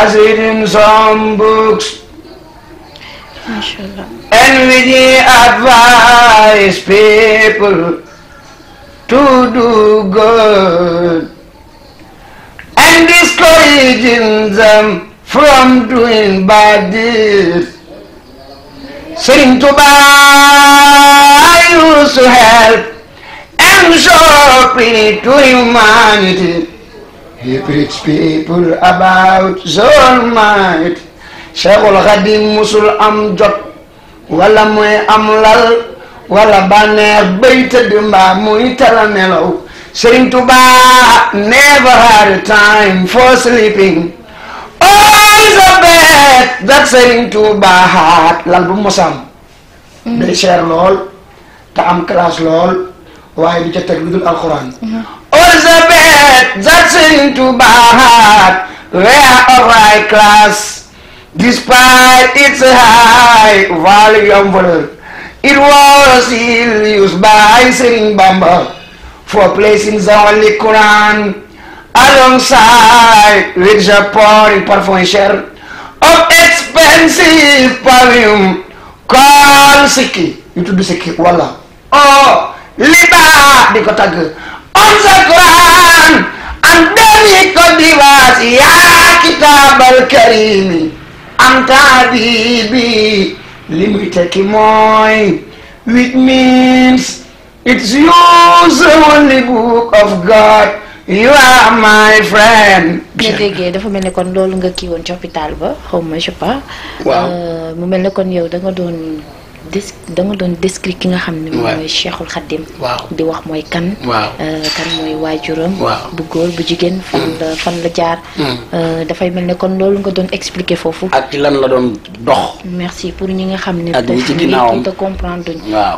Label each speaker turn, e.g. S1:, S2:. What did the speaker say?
S1: as it in some books. Mashallah. And we advise people to do good and discouraging them from doing bad deeds. Sing to buy used to help and show pity to humanity. He preached people about their might Cheikhul Khadim musul am jot wala muy am lal wala bànneex bay tëdd mbaa muy tala nelaw Sëriñ Tuba never had a time for sleeping always a bed that Sëriñ Tuba lal bu mosam mm-hmm. day cher lool te am classe lool waaye du ca teg lu dul alxuraan mm-hmm. exerting to Bahat were of high class, despite its high volume. It was still used by Sering Bamba for placing the Quran alongside with the pouring perfume of expensive perfume called Siki. ñu tudd Siki wala oh liba di ko tagg on الناس يا كتاب الكريم أنت حبيبي لميتك موي which means it's yours the only book of God you are my friend. nga
S2: déggee dafa mel ne kon loolu nga ki woon ci ba xaw ma je euh, mu mel ne kon yow da nga des da doon décrire ki nga xam ne. moom mooy Cheikhul Khadim. waaw di wax mooy kan. waaw euh, kan mooy waajuram. waaw bu góor bu jigéen. fan mm. la fan la jaar. Mm. Euh, dafay mel ne kon loolu nga doon expliquer foofu. ak
S1: lan la doon dox.
S2: merci pour ñi nga xam ne. ak ñi ci ginnaawam te
S1: comprendre duñ. waaw.